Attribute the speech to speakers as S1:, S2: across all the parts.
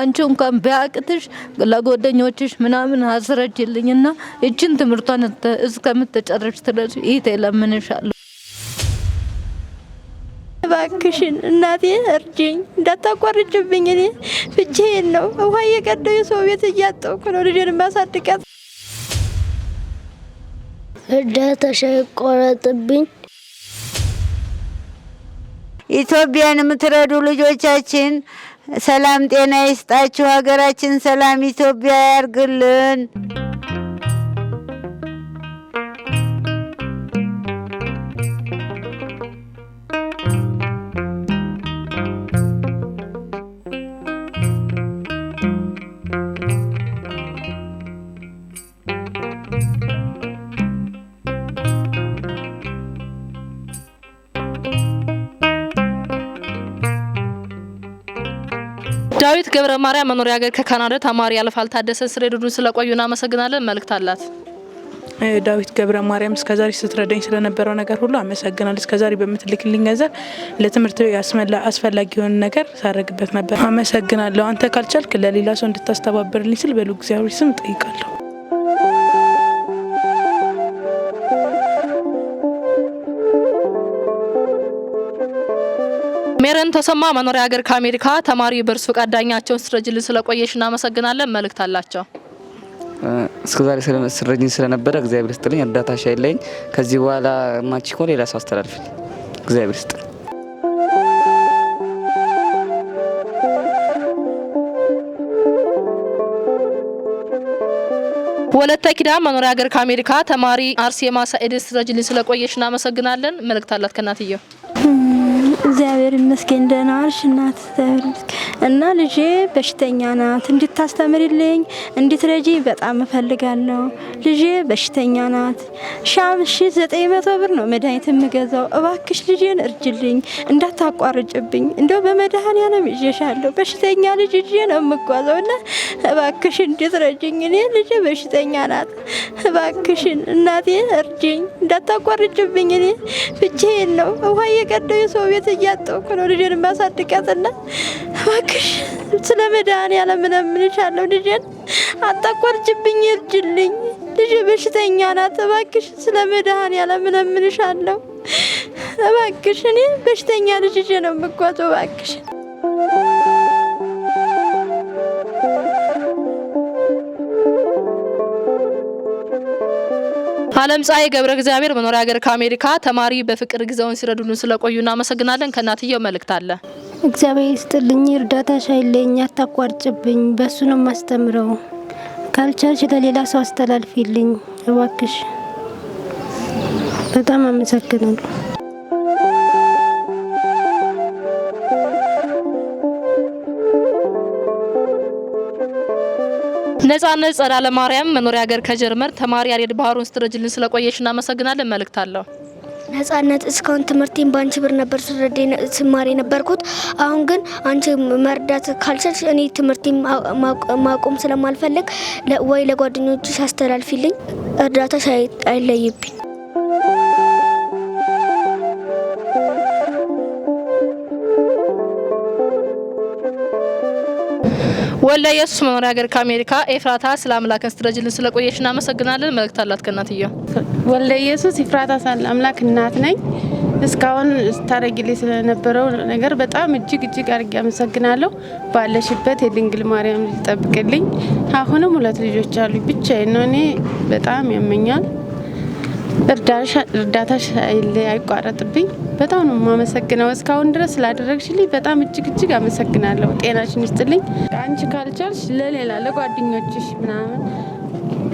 S1: አንቺ እንኳን ቢያቅትሽ ለጎደኞችሽ ምናምን አስረጅልኝና እችን ትምህርቷን እስከምትጨርሽ ድረስ ይህ ለምንሻለሁ። እባክሽን እናቴ እርጅኝ፣ እንዳታቋርጭብኝ። እኔ ብቻዬን ነው ውሃ እየቀደው የሰው ቤት እያጠውኩ ነው ልጄን ማሳድቃት። እርዳታሽ አይቆረጥብኝ።
S2: ኢትዮጵያን የምትረዱ ልጆቻችን ሰላም ጤና ይስጣችሁ። ሀገራችን ሰላም ኢትዮጵያ ያርግልን።
S3: ዳዊት ገብረ ማርያም መኖሪያ ሀገር ከካናዳ ተማሪ ያልፋል ታደሰ ስለ ድዱን ስለቆዩ እናመሰግናለን። መልእክት አላት።
S4: ዳዊት ገብረ ማርያም እስከዛሬ ስትረዳኝ ስለነበረው ነገር ሁሉ አመሰግናል። እስከዛሬ በምትልክልኝ ገንዘብ ለትምህርት አስፈላጊ የሆነ ነገር ሳረግበት ነበር። አመሰግናለሁ። አንተ ካልቻልክ ለሌላ ሰው እንድታስተባብርልኝ ስል በሉ እግዚአብሔር ስም ጠይቃለሁ።
S3: ሄረን ተሰማ መኖሪያ ሀገር ከአሜሪካ ተማሪ በእርሱ ፈቃድ ዳኛቸውን ስትረጅልን ስለቆየሽ እናመሰግናለን። መልእክት አላቸው።
S4: እስከዛሬ ስትረጅኝ ስለነበረ እግዚአብሔር ስጥልኝ፣ እርዳታሽ አይለኝ። ከዚህ በኋላ ማቺ ኮ ሌላ ሰው እግዚአብሔር ስጥልኝ።
S3: ወለተ ኪዳን መኖሪያ ሀገር ከአሜሪካ ተማሪ አርሴማ ሳኤድ ስትረጅልን ስለቆየሽ እናመሰግናለን። መልእክት አላት ከእናትየው
S1: እግዚአብሔር ይመስገን። ደህና ዋልሽ እናት? እግዚአብሔር ይመስገን። እና ልጄ በሽተኛ ናት እንድታስተምርልኝ እንድትረጂ በጣም እፈልጋለሁ። ልጄ በሽተኛ ናት። ሺ ዘጠኝ መቶ ብር ነው መድኃኒት የምገዛው። እባክሽ ልጄን እርጅልኝ፣ እንዳታቋርጭብኝ። እንደው በመድኃኒዓለም ይዤሻለሁ። በሽተኛ ልጅ ይዤ ነው የምጓዘው እና እባክሽ እንድትረጅኝ። እኔ ልጄ በሽተኛ ናት። እባክሽን እናቴ እርጅኝ፣ እንዳታቋርጭብኝ። እኔ ብቻዬን ነው ውሃ እየቀደው የሰው ቤት እያጠውኩ ነው ልጄን የማሳድጋትና እባክሽ ስለ መድኃኒዓለም እለምንሻለሁ። ልጄን አታቋርጭብኝ፣ እርጅልኝ። ልጄ በሽተኛ ናት። እባክሽ ስለ መድኃኒዓለም እለምንሻለሁ። እባክሽ እኔ በሽተኛ ልጅ ይዤ ነው የምጓዘው። እባክሽ
S3: አለም ፀሐይ ገብረ እግዚአብሔር መኖሪያ ሀገር ከአሜሪካ ተማሪ በፍቅር ጊዜውን ሲረዱልን ስለቆዩ እናመሰግናለን። ከእናትየው መልእክት አለ።
S1: እግዚአብሔር ይስጥልኝ። እርዳታ ሻይልኝ አታቋርጭብኝ። በእሱ ነው የማስተምረው። ካልቻልሽ ለሌላ ሰው አስተላልፊልኝ እባክሽ። በጣም አመሰግናለሁ።
S3: ነጻነት ጸዳለ ማርያም መኖሪያ ሀገር ከጀርመን ተማሪ ያሬድ ባህሩን ስትረጅልን ስለቆየሽ እናመሰግናለን። መልእክት አለሁ
S5: ነጻነት እስካሁን ትምህርቴን በአንቺ ብር ነበር ስረዳ ስማር አሁን ግን አንቺ መርዳት ካልቻልሽ እኔ ትምህርቴን ማቆም ስለማልፈልግ ወይ ለጓደኞችሽ አስተላልፊልኝ። እርዳታሽ አይለይብኝ።
S3: ወላ የእሱ መኖሪያ ሀገር ከአሜሪካ ኤፍራታ ስለ አምላክን ስትረጅልን ስለቆየሽ እናመሰግናለን። መልእክት አላት ከእናትየው
S6: ወላ ኢየሱስ ኤፍራታ ስለ አምላክ እናት ነኝ። እስካሁን ስታደርጊልኝ ስለነበረው ነገር በጣም እጅግ እጅግ አድርጌ አመሰግናለሁ። ባለሽበት የድንግል ማርያም ልጅ ጠብቅልኝ። አሁንም ሁለት ልጆች አሉ ብቻዬን ነው። እኔ በጣም ያመኛል። እርዳታሽ አይቋረጥብኝ። በጣም ነው የማመሰግነው። እስካሁን ድረስ ስላደረግሽልኝ በጣም እጅግ እጅግ አመሰግናለሁ። ጤናሽን ይስጥልኝ። አንቺ ካልቻልሽ ለሌላ ለጓደኞችሽ ምናምን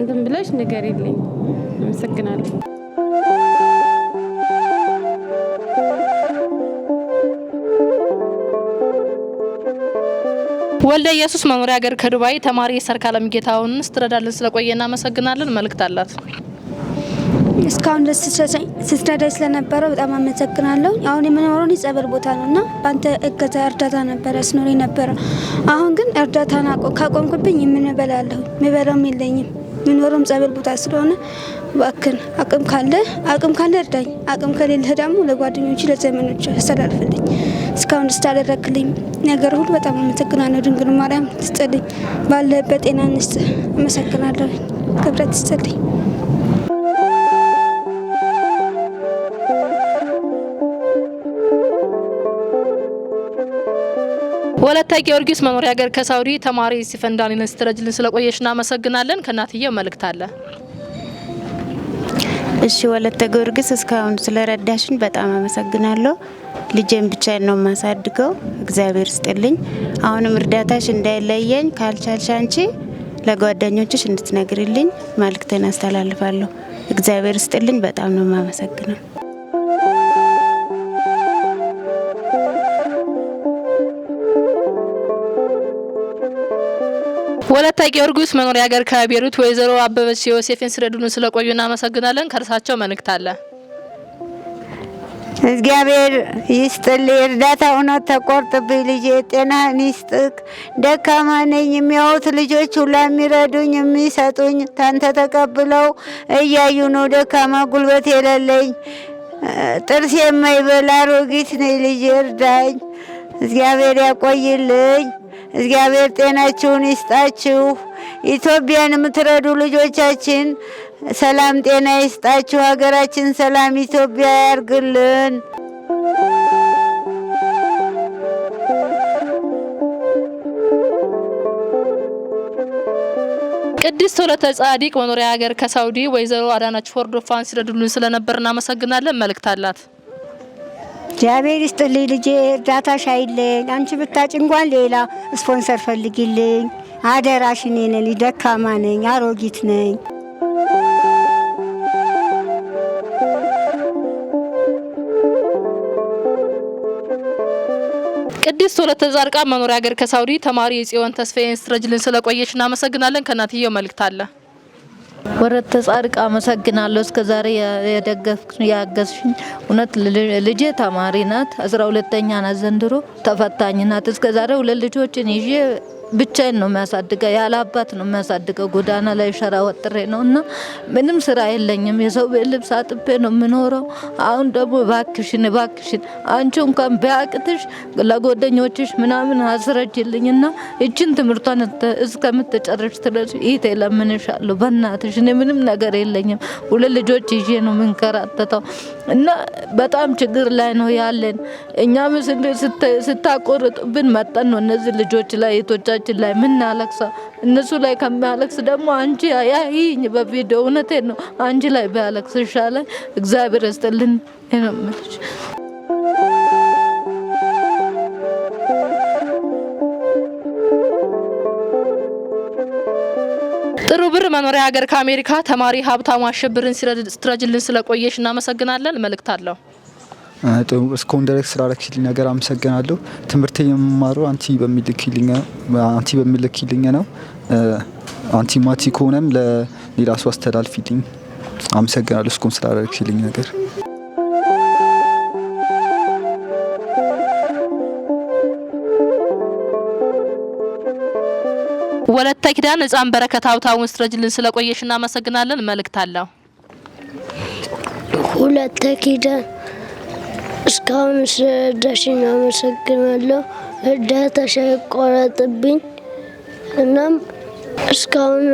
S6: እንትን ብለሽ ንገሪልኝ። አመሰግናለሁ።
S3: ወልደ ኢየሱስ መኖሪያ ሀገር ከዱባይ ተማሪ ሰርካለም ጌታውን ስትረዳልን ስለቆየ እናመሰግናለን። መልእክት አላት።
S1: እስካሁን ደስ ስትረዳኝ ስለነበረው በጣም አመሰግናለሁ። አሁን የምኖረው የጸበል ቦታ ነው እና በአንተ እገዛ እርዳታ ነበረ ስኖር ነበረ። አሁን ግን እርዳታ ናቆ ካቆምኩብኝ የምንበላለሁ ምበላውም የለኝም የምኖረውም ጸበል ቦታ ስለሆነ እባክን አቅም ካለ አቅም ካለ እርዳኝ፣ አቅም ከሌለህ ደግሞ ለጓደኞች ለዘመኖች አስተላልፍልኝ። እስካሁን ስታደረግልኝ ነገር ሁሉ በጣም አመሰግናለሁ። ድንግል ማርያም ትስጥልኝ፣ ባለበት ጤና እንስጥ። አመሰግናለሁ። ክብረት ትስጥልኝ።
S3: ወለተ ጊዮርጊስ መኖሪያ ሀገር ከሳውዲ ተማሪ ሲፈንዳን ስትረጅልን ስለቆየሽ እናመሰግናለን። ከእናትየው መልእክት አለ።
S7: እሺ ወለተ ጊዮርጊስ እስካሁን ስለረዳሽን በጣም አመሰግናለሁ። ልጄን ብቻዬን ነው የማሳድገው። እግዚአብሔር ስጥልኝ። አሁንም እርዳታሽ እንዳይለየኝ፣ ካልቻልሽ አንቺ ለጓደኞችሽ እንድትነግሪልኝ መልእክቴን አስተላልፋለሁ። እግዚአብሔር ስጥልኝ። በጣም ነው የማመሰግነው።
S3: ወለታ ጊዮርጊስ መኖሪያ ሀገር ከቤሩት ወይዘሮ አበበች ዮሴፍን ስረዱን ስለቆዩ እናመሰግናለን። ከእርሳቸው መልእክት አለ።
S2: እግዚአብሔር ይስጥል እርዳታ እውነት ተቆርጥብኝ፣ ልጄ ጤናህን ይስጥክ። ደካማ ነኝ፣ የሚያዩት ልጆች ሁላ የሚረዱኝ የሚሰጡኝ ታንተ ተቀብለው እያዩ ነው። ደካማ ጉልበት የሌለኝ ጥርስ የማይበላ አሮጊት ነኝ፣ ልጄ እርዳኝ፣ እግዚአብሔር ያቆይልኝ። እግዚአብሔር ጤናችሁን ይስጣችሁ። ኢትዮጵያን የምትረዱ ልጆቻችን ሰላም ጤና ይስጣችሁ። ሀገራችን ሰላም ኢትዮጵያ ያርግልን።
S3: ቅድስት ወለተ ጻዲቅ መኖሪያ ሀገር ከሳውዲ ወይዘሮ አዳናች ፎርዶፋን ሲረዱልን ስለነበር እናመሰግናለን። መልእክት አላት።
S1: እግዚአብሔር ይስጥልኝ ልጄ፣ እርዳታሽ አይለኝ። አንቺ ብታጭ እንኳን ሌላ ስፖንሰር ፈልጊልኝ አደራሽ። እኔ ነኝ ደካማ ነኝ፣ አሮጊት ነኝ።
S3: ቅድስት ወለተ ጻድቃን መኖሪያ ሀገር ከሳውዲ ተማሪ የጽዮን ተስፋዬን ስትረጅልን ስለቆየች እናመሰግናለን። ከእናትየው መልእክት አለ።
S1: ወረተ ጻድቅ አመሰግናለሁ። እስከ ዛሬ የደገፍሽኝ ያገዝሽኝ፣ እውነት ልጄ ተማሪ ናት፣ አስራ ሁለተኛ ናት ዘንድሮ ተፈታኝ ናት። እስከ ዛሬ ሁለት ልጆችን ይዤ ብቻዬን ነው የሚያሳድገው፣ ያለ አባት ነው የሚያሳድገው። ጎዳና ላይ ሸራ ወጥሬ ነው እና ምንም ስራ የለኝም። የሰው ቤት ልብስ አጥቤ ነው የምኖረው። አሁን ደግሞ እባክሽን እባክሽን አንቺ እንኳን ቢያቅትሽ ለጎደኞችሽ ምናምን አስረጅልኝ እና እችን ትምህርቷን እስከምትጨርሽ ትለሽ ይቴ ለምንሻለሁ፣ በእናትሽ እኔ ምንም ነገር የለኝም። ሁለት ልጆች ይዤ ነው የምንከራተተው እና በጣም ችግር ላይ ነው ያለን። እኛም ስታቆርጡብን መጠን ነው እነዚህ ልጆች ላይ የቶቻ በህይወታችን ላይ የምናለቅሰው እነሱ ላይ ከሚያለቅስ ደግሞ አንቺ ያይኝ በቪዲዮ እውነቴን ነው። አንቺ ላይ ቢያለቅስ ይሻላል። እግዚአብሔር ይስጥልን ይነምልሽ
S3: ጥሩ ብር መኖሪያ ሀገር ከአሜሪካ ተማሪ ሀብታሙ አሸብርን ስትረጅልን ስለቆየሽ እናመሰግናለን። መልእክት አለው
S8: እስካሁን ድረስ ስላረክሽልኝ ነገር አመሰግናለሁ። ትምህርት የምማረው አንቲ በሚልክልኝ ነው። አንቲ ማቲ ከሆነም ለሌላ ሰው አስተላልፊልኝ። አመሰግናለሁ እስካሁን ስላረክሽልኝ ነገር።
S3: ወለተ ኪዳን ህፃን በረከት ሀብታሙን ስትረጅልን ስለቆየሽ እናመሰግናለን። መልእክት አለው
S1: ወለተ ኪዳን እስካሁን ስለረዳሽኝ አመሰግናለሁ። እርዳታሽ አይቋረጥብኝ። እናም እስካሁን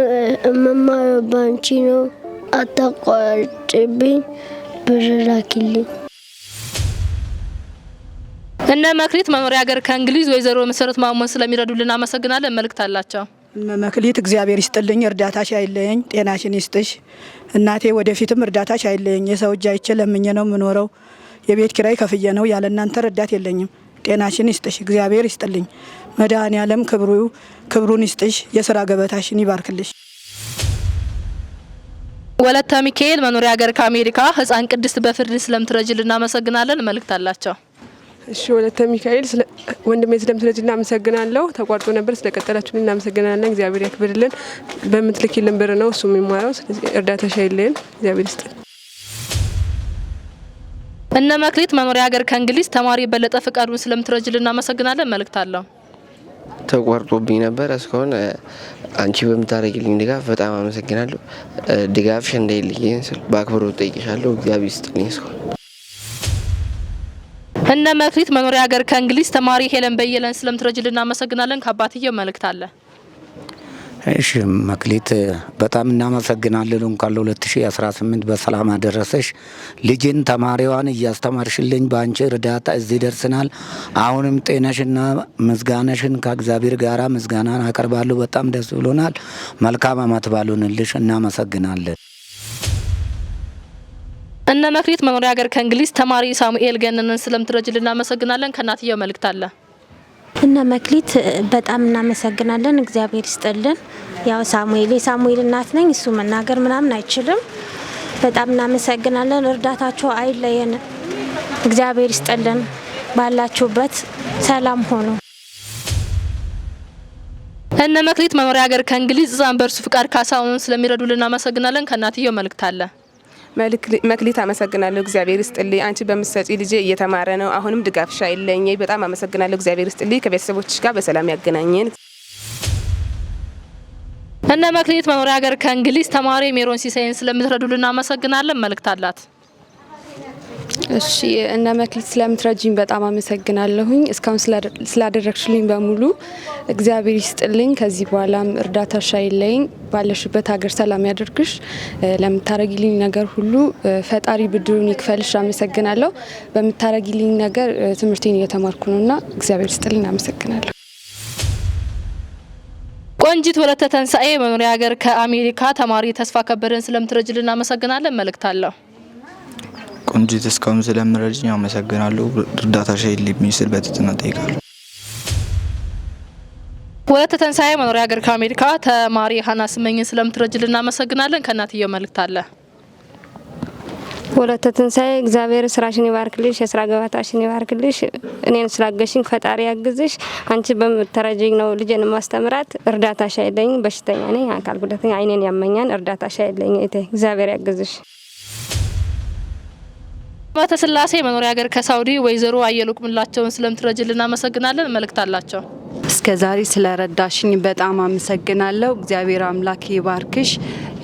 S1: መማረው ባንቺ ነው። አታቋርጭብኝ። ብር ላኪልኝ።
S3: እነ መክሊት መኖሪያ ሀገር ከእንግሊዝ ወይዘሮ መሰረት ማሞን ስለሚረዱልን አመሰግናለን። መልእክት አላቸው።
S9: መክሊት እግዚአብሔር ይስጥልኝ፣ እርዳታሽ አይለየኝ፣ ጤናሽን ይስጥሽ እናቴ። ወደፊትም እርዳታሽ አይለየኝ። የሰው እጅ አይቼ ለምኜ ነው የምኖረው። የቤት ኪራይ ከፍዬ ነው። ያለ እናንተ ረዳት የለኝም። ጤናሽን ይስጥሽ፣ እግዚአብሔር ይስጥልኝ። መድኃኔ ዓለም ክብሩ ክብሩን ይስጥሽ፣ የስራ ገበታሽን ይባርክልሽ።
S3: ወለተ ሚካኤል መኖሪያ ሀገር ከአሜሪካ ህፃን ቅድስት በፍርድ ስለምትረጅል እናመሰግናለን። መልእክት አላቸው።
S10: እሺ ወለተ ሚካኤል ወንድሜ ስለምትረጅል እናመሰግናለሁ። ተቋርጦ ነበር ስለቀጠላችሁልን እናመሰግናለን። እግዚአብሔር ያክብርልን። በምትልኪልን ብር ነው እሱ የሚማረው። እርዳታ ሻይልን እግዚአብሔር ይስጥልን።
S3: እነ መክሊት መኖሪያ ሀገር ከእንግሊዝ ተማሪ የበለጠ ፍቃዱን ስለምትረጅል እናመሰግናለን። መልእክት አለው።
S11: ተቋርጦብኝ ነበር። እስካሁን አንቺ በምታደርጊልኝ ድጋፍ በጣም አመሰግናለሁ። ድጋፍ እንዳይለየኝ ስል በአክብሮ ጠይቅሻለሁ። እግዚአብሔር ይስጥልኝ። እስካሁን
S3: እነ መክሊት መኖሪያ ሀገር ከእንግሊዝ ተማሪ ሄለን በየለን ስለምትረጅል እናመሰግናለን። ከአባትየው መልእክት አለ።
S12: እሺ መክሊት በጣም እናመሰግናለን። እንኳን ለ2018 በሰላም አደረሰሽ። ልጅን ተማሪዋን እያስተማርሽልኝ በአንቺ እርዳታ እዚህ ደርስናል። አሁንም ጤነሽና ምስጋናሽን ከእግዚአብሔር ጋር ምስጋናን አቀርባለሁ። በጣም ደስ ብሎናል። መልካም አመት ባሉንልሽ። እናመሰግናለን።
S3: እነ መክሊት መኖሪያ ሀገር ከእንግሊዝ ተማሪ ሳሙኤል ገነንን ስለምትረጅል እናመሰግናለን። ከእናትየው መልእክት አለ
S1: እነ መክሊት በጣም እናመሰግናለን። እግዚአብሔር ይስጥልን። ያው ሳሙኤል የሳሙኤል እናት ነኝ። እሱ መናገር ምናምን አይችልም። በጣም እናመሰግናለን። እርዳታቸው አይለየን። እግዚአብሔር ይስጥልን። ባላችሁበት ሰላም ሆኑ።
S3: እነ መክሊት መኖሪያ ሀገር ከእንግሊዝ ዛንበርሱ ፍቃድ ካሳውን ስለሚረዱልን እናመሰግናለን። ከእናትየው መልእክት አለ።
S13: መክሊት አመሰግናለሁ። እግዚአብሔር ይስጥልኝ። አንቺ በምትሰጪ ልጄ እየተማረ ነው። አሁንም ድጋፍሽ አይለኝ። በጣም አመሰግናለሁ። እግዚአብሔር ይስጥልኝ። ከቤተሰቦች ጋር በሰላም ያገናኘን።
S3: እነ መክሊት መኖሪያ ሀገር ከእንግሊዝ ተማሪ ሜሮን ሲሳይን ስለምትረዱልን አመሰግናለን። መልእክት አላት።
S14: እሺ እነ መክሊት ስለምትረጂኝ በጣም አመሰግናለሁኝ። እስካሁን ስላደረግሽልኝ በሙሉ እግዚአብሔር ይስጥልኝ። ከዚህ በኋላም እርዳታ አይለይኝ፣ ባለሽበት ሀገር ሰላም ያደርግሽ። ለምታረጊልኝ ነገር ሁሉ ፈጣሪ ብድሩን ይክፈልሽ። አመሰግናለሁ። በምታረጊልኝ ነገር ትምህርቴን እየተማርኩ ነውና እግዚአብሔር ይስጥልኝ። አመሰግናለሁ።
S3: ቆንጂት ወለተ ተንሳኤ መኖሪያ ሀገር ከአሜሪካ ተማሪ ተስፋ ከበደን ስለምትረጅልን እናመሰግናለን። መልእክት አለሁ
S8: ቆንጂት እስካሁን ስለምረጅኝ አመሰግናለሁ። እርዳታ ሸይ ልብኝ ስል በትህትና እጠይቃለሁ።
S3: ወለተ ተንሳኤ መኖሪያ ሀገር ከአሜሪካ ተማሪ ሀና ስመኝን ስለምትረጅል እናመሰግናለን። ከእናትየው መልእክት አለ።
S15: ወለተ ትንሳኤ እግዚአብሔር ስራሽን ይባርክልሽ፣ የስራ ገበታሽን ይባርክልሽ። እኔን ስላገሽኝ ፈጣሪ ያግዝሽ። አንቺ በምትረጅኝ ነው ልጄን ማስተምራት። እርዳታ ሻይለኝ በሽተኛ ነኝ፣ አካል ጉዳተኛ፣ አይኔን ያመኛን። እርዳታ ሻይለኝ እቴ እግዚአብሔር ያግዝሽ።
S3: አባተ ስላሴ መኖሪያ ሀገር ከሳውዲ ወይዘሮ አየሉቅ ምላቸውን ስለምትረጅል እናመሰግናለን። መልእክት አላቸው።
S16: እስከ ዛሬ ስለረዳሽኝ በጣም አመሰግናለሁ። እግዚአብሔር አምላክ ይባርክሽ።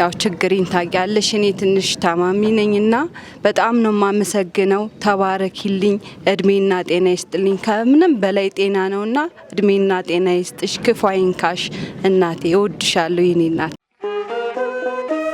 S16: ያው ችግሪን ታውቂያለሽ። እኔ ትንሽ ታማሚ ነኝና በጣም ነው የማመሰግነው። ተባረኪልኝ፣ እድሜና ጤና ይስጥልኝ። ከምንም በላይ ጤና ነውና እድሜና ጤና ይስጥሽ፣ ክፉ አይንካሽ። እናቴ እወድሻለሁ የኔ እናት።